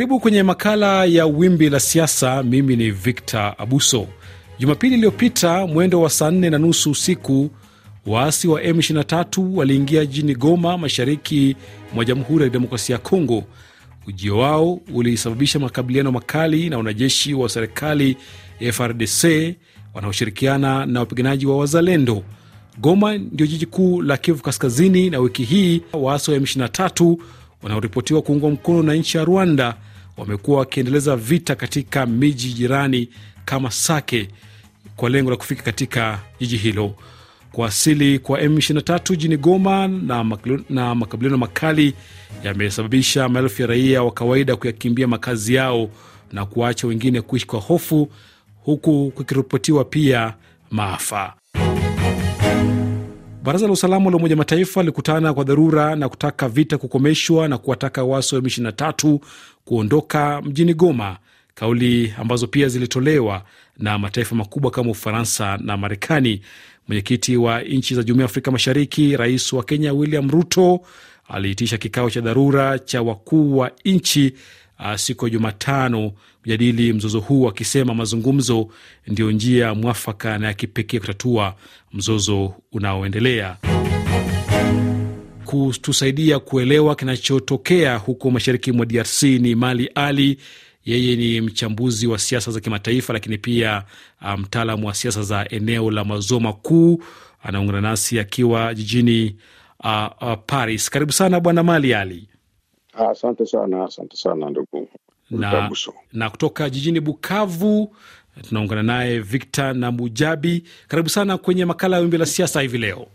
Karibu kwenye makala ya Wimbi la Siasa. Mimi ni Victor Abuso. Jumapili iliyopita mwendo wa saa nne na nusu usiku waasi wa M23 waliingia jijini Goma, mashariki mwa Jamhuri ya Kidemokrasia ya Kongo. Ujio wao ulisababisha makabiliano makali na wanajeshi wa serikali FRDC wanaoshirikiana na wapiganaji wa Wazalendo. Goma ndio jiji kuu la Kivu Kaskazini, na wiki hii waasi wa M23 wanaoripotiwa kuungwa mkono na nchi ya Rwanda wamekuwa wakiendeleza vita katika miji jirani kama Sake kwa lengo la kufika katika jiji hilo. Kuwasili kwa M23 jini Goma na, na makabiliano makali yamesababisha maelfu ya raia wa kawaida kuyakimbia makazi yao na kuwaacha wengine kuishi kwa hofu, huku kukiripotiwa pia maafa. Baraza la usalama la Umoja Mataifa lilikutana kwa dharura na kutaka vita kukomeshwa na kuwataka waso wa M23 kuondoka mjini Goma, kauli ambazo pia zilitolewa na mataifa makubwa kama Ufaransa na Marekani. Mwenyekiti wa nchi za Jumuiya ya Afrika Mashariki, Rais wa Kenya William Ruto aliitisha kikao cha dharura cha wakuu wa nchi uh, siku ya Jumatano kujadili mzozo huu akisema mazungumzo ndiyo njia mwafaka na ya kipekee kutatua mzozo unaoendelea kutusaidia kuelewa kinachotokea huko mashariki mwa DRC ni Mali Ali. Yeye ni mchambuzi wa siasa za kimataifa, lakini pia uh, mtaalamu um, wa siasa za eneo la mazoo makuu. Anaungana nasi akiwa jijini uh, uh, Paris. Karibu sana bwana Mali Ali. Asante sana, asante sana ndugu na, na kutoka jijini Bukavu tunaungana naye Victor na Mujabi. Karibu sana kwenye makala ya Wimbi la Siasa hivi leo.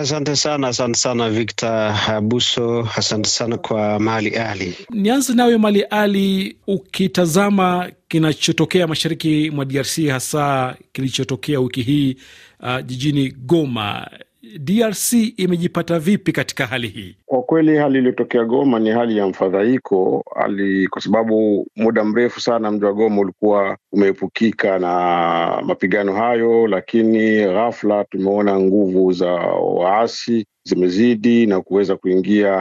Asante sana, asante sana Victor Abuso, asante sana kwa Mali Ali. Nianze nawe Mali Ali, ukitazama kinachotokea mashariki mwa DRC, hasa kilichotokea wiki hii uh, jijini Goma, DRC imejipata vipi katika hali hii? Kwa kweli hali iliyotokea Goma ni hali ya mfadhaiko, hali kwa sababu muda mrefu sana mji wa Goma ulikuwa umeepukika na mapigano hayo, lakini ghafla tumeona nguvu za waasi zimezidi na kuweza kuingia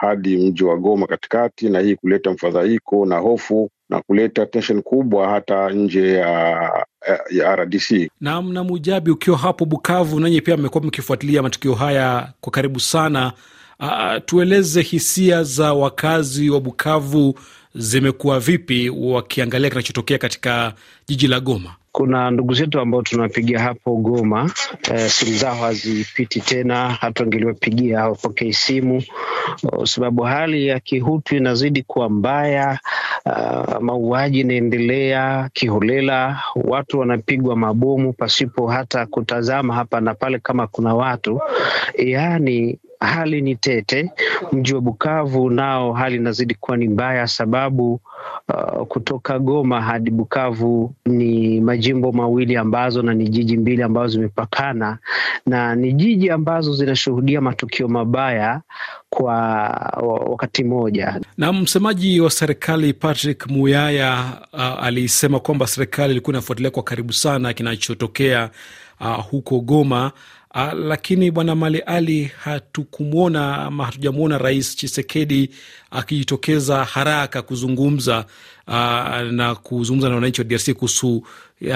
hadi mji wa Goma katikati, na hii kuleta mfadhaiko na hofu na kuleta tension kubwa hata nje ya ya RDC. Naam, na Mujabi, ukiwa hapo Bukavu, nanye pia mmekuwa mkifuatilia matukio haya kwa karibu sana. Uh, tueleze hisia za wakazi wa Bukavu zimekuwa vipi, wakiangalia kinachotokea katika jiji la Goma? Kuna ndugu zetu ambao tunapigia hapo Goma e, simu zao hazipiti tena, hata wangeliwapigia hawapokei simu, sababu hali ya kihutu inazidi kuwa mbaya. Uh, mauaji inaendelea kiholela, watu wanapigwa mabomu pasipo hata kutazama hapa na pale kama kuna watu, yaani hali ni tete. Mji wa Bukavu nao hali inazidi kuwa ni mbaya, sababu uh, kutoka Goma hadi Bukavu ni majimbo mawili ambazo na ni jiji mbili ambazo zimepakana na ni jiji ambazo zinashuhudia matukio mabaya kwa wakati mmoja. Na msemaji wa serikali Patrick Muyaya uh, alisema kwamba serikali ilikuwa inafuatilia kwa karibu sana kinachotokea uh, huko Goma A, ah, lakini bwana Mali Ali hatukumwona ama hatujamwona Rais Chisekedi akijitokeza haraka kuzungumza Ah, na kuzungumza na wananchi wa DRC kuhusu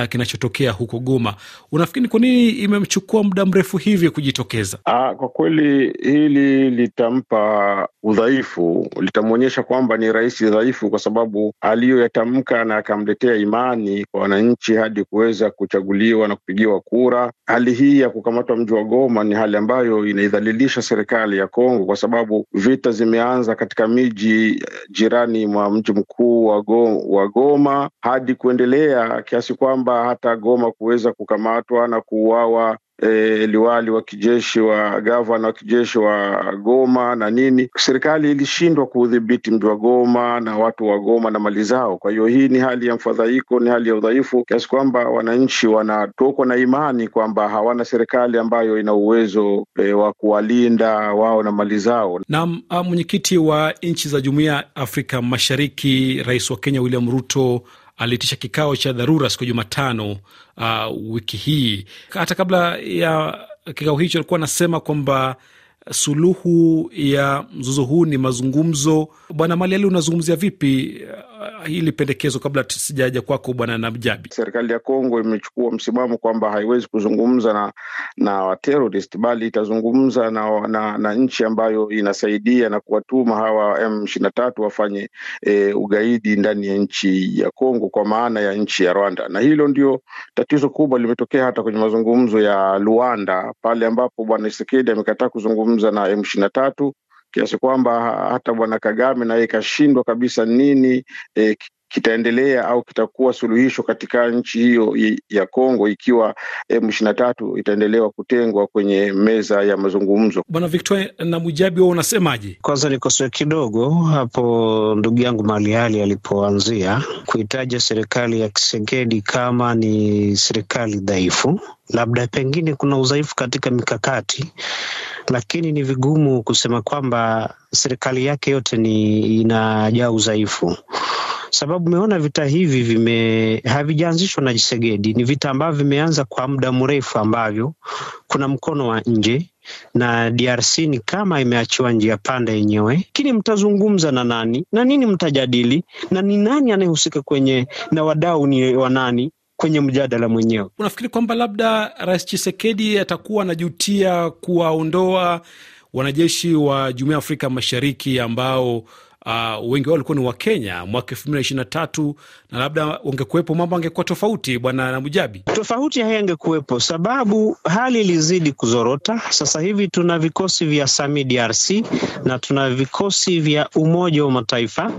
kinachotokea huko Goma. Unafikiri kwa nini imemchukua muda mrefu hivi kujitokeza? Aa, ah, kwa kweli hili litampa udhaifu, litamwonyesha kwamba ni rais dhaifu, kwa sababu aliyoyatamka na akamletea imani kwa wananchi hadi kuweza kuchaguliwa na kupigiwa kura. Hali hii ya kukamatwa mji wa Goma ni hali ambayo inaidhalilisha serikali ya Kongo, kwa sababu vita zimeanza katika miji eh, jirani mwa mji mkuu wa Goma wa Goma hadi kuendelea kiasi kwamba hata Goma kuweza kukamatwa na kuuawa e, liwali wa kijeshi wa gavana wa kijeshi wa Goma na nini. Serikali ilishindwa kuudhibiti mji wa Goma na watu wa Goma na mali zao. Kwa hiyo hii ni hali ya mfadhaiko, ni hali ya udhaifu kiasi kwamba wananchi wanatokwa na imani kwamba hawana serikali ambayo ina uwezo e, wa kuwalinda wao na mali zao. Naam, mwenyekiti wa nchi za Jumuiya ya Afrika Mashariki, Rais wa Kenya William Ruto aliitisha kikao cha dharura siku ya Jumatano uh, wiki hii. Hata kabla ya kikao hicho alikuwa anasema kwamba suluhu ya mzozo huu ni mazungumzo. Bwana Maliali, unazungumzia vipi uh, hili pendekezo, kabla sijaja kwako Bwana Namjabi? Serikali ya Kongo imechukua msimamo kwamba haiwezi kuzungumza na na waterorist, bali itazungumza na, na, na nchi ambayo inasaidia na kuwatuma hawa M ishirini na tatu wafanye e, ugaidi ndani ya nchi ya Kongo, kwa maana ya nchi ya Rwanda. Na hilo ndio tatizo kubwa limetokea hata kwenye mazungumzo ya Luanda pale ambapo Bwana Tshisekedi amekataa kuzungumza kuzungumza na M 23 kiasi kwamba hata bwana Kagame naye ikashindwa kabisa nini e, kitaendelea au kitakuwa suluhisho katika nchi hiyo ya Kongo ikiwa M 23 itaendelewa kutengwa kwenye meza ya mazungumzo. Bwana Victor na Mujabi, wao unasemaje? Kwanza nikosoe kidogo hapo ndugu yangu Mali Hali alipoanzia kuitaja serikali ya kisekedi kama ni serikali dhaifu. Labda pengine kuna udhaifu katika mikakati lakini ni vigumu kusema kwamba serikali yake yote ni inajaa udhaifu sababu umeona vita hivi vime havijaanzishwa na Jisegedi, ni vita ambavyo vimeanza kwa muda mrefu, ambavyo kuna mkono wa nje na DRC ni kama imeachiwa njia panda yenyewe. Lakini mtazungumza na nani na nini mtajadili na ni nani anayehusika kwenye na wadau ni wa nani? kwenye mjadala mwenyewe. Unafikiri kwamba labda Rais Chisekedi atakuwa anajutia kuwaondoa wanajeshi wa jumuia ya Afrika Mashariki ambao Uh, wengi wao walikuwa ni Wakenya mwaka elfu mbili na ishirini na tatu na labda wangekuwepo mambo angekuwa tofauti. Bwana Namujabi, tofauti hayangekuwepo, sababu hali ilizidi kuzorota. Sasa hivi tuna vikosi vya SAMI DRC na tuna vikosi vya Umoja wa Mataifa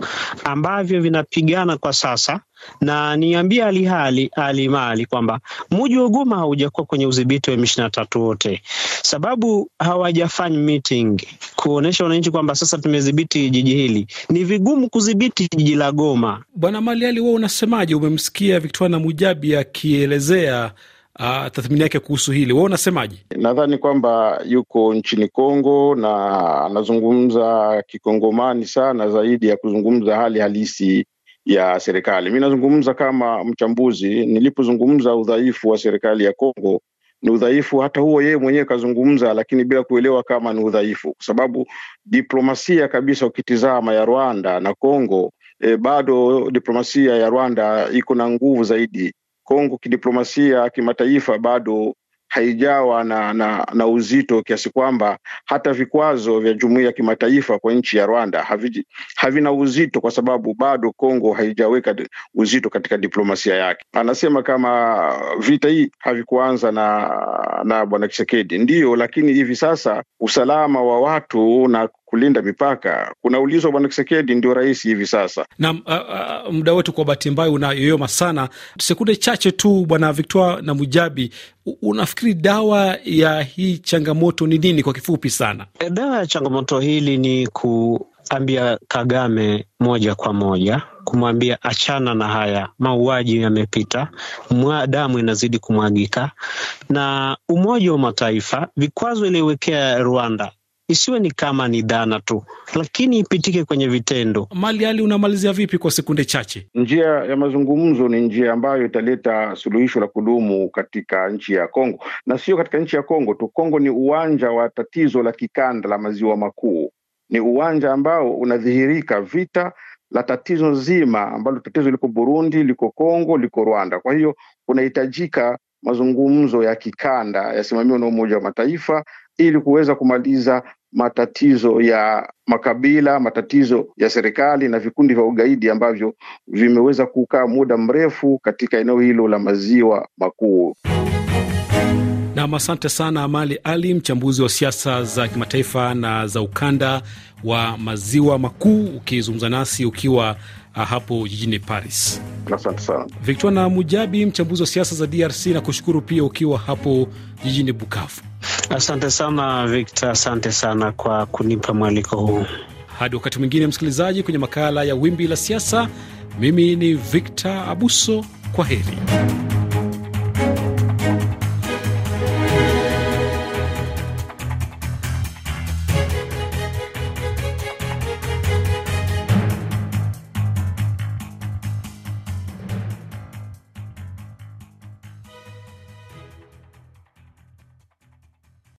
ambavyo vinapigana kwa sasa na niambia alihali alimali kwamba muji wa Goma haujakuwa kwenye udhibiti wa M23 wote, sababu hawajafanya meeting kuonesha wananchi kwamba sasa tumedhibiti jiji hili. Ni vigumu kudhibiti jiji la Goma. Bwana Mali Ali, wewe unasemaje? Umemsikia Victoria Mujabi akielezea Uh, tathmini yake kuhusu hili, wewe unasemaje? Nadhani kwamba yuko nchini Kongo na anazungumza kikongomani sana zaidi ya kuzungumza hali halisi ya serikali. Mi nazungumza kama mchambuzi, nilipozungumza udhaifu wa serikali ya Kongo ni udhaifu hata huo yeye mwenyewe kazungumza, lakini bila kuelewa kama ni udhaifu, kwa sababu diplomasia kabisa ukitizama ya Rwanda na Kongo e, bado diplomasia ya Rwanda iko na nguvu zaidi. Kongo kidiplomasia kimataifa bado haijawa na, na, na uzito kiasi kwamba hata vikwazo vya jumuia ya kimataifa kwa nchi ya Rwanda havina uzito kwa sababu bado Kongo haijaweka uzito katika diplomasia yake. Anasema kama vita hii havikuanza na, na bwana Tshisekedi ndiyo, lakini hivi sasa usalama wa watu na kulinda mipaka. Kunaulizwa bwana Kisekedi ndio rais hivi sasa. Naam, uh, uh, muda wetu kwa bahati mbaya unayoyoma sana, sekunde chache tu, bwana Victor na Mujabi, unafikiri dawa ya hii changamoto ni nini kwa kifupi sana? E, dawa ya changamoto hili ni kuambia Kagame moja kwa moja kumwambia achana na haya mauaji yamepita, damu inazidi kumwagika. Na Umoja wa Mataifa, vikwazo iliyowekea Rwanda isiwe ni kama ni dhana tu, lakini ipitike kwenye vitendo. Mali Ali, unamalizia vipi kwa sekunde chache? Njia ya mazungumzo ni njia ambayo italeta suluhisho la kudumu katika nchi ya Kongo, na sio katika nchi ya Kongo tu. Kongo ni uwanja wa tatizo la kikanda la maziwa makuu, ni uwanja ambao unadhihirika vita la tatizo zima ambalo tatizo liko Burundi, liko Kongo, liko Rwanda. Kwa hiyo kunahitajika mazungumzo ya kikanda yasimamiwa na Umoja wa Mataifa ili kuweza kumaliza matatizo ya makabila, matatizo ya serikali na vikundi vya ugaidi ambavyo vimeweza kukaa muda mrefu katika eneo hilo la maziwa makuu. Nam, asante sana Amali Ali, mchambuzi wa siasa za kimataifa na za ukanda wa maziwa makuu, ukizungumza nasi ukiwa ah, hapo jijini Paris. Asante sana Victor na Mujabi, mchambuzi wa siasa za DRC, na kushukuru pia ukiwa hapo jijini Bukavu. Asante sana Victor, asante sana kwa kunipa mwaliko huu. Hadi wakati mwingine, msikilizaji, kwenye makala ya Wimbi la Siasa. Mimi ni Victor Abuso, kwa heri.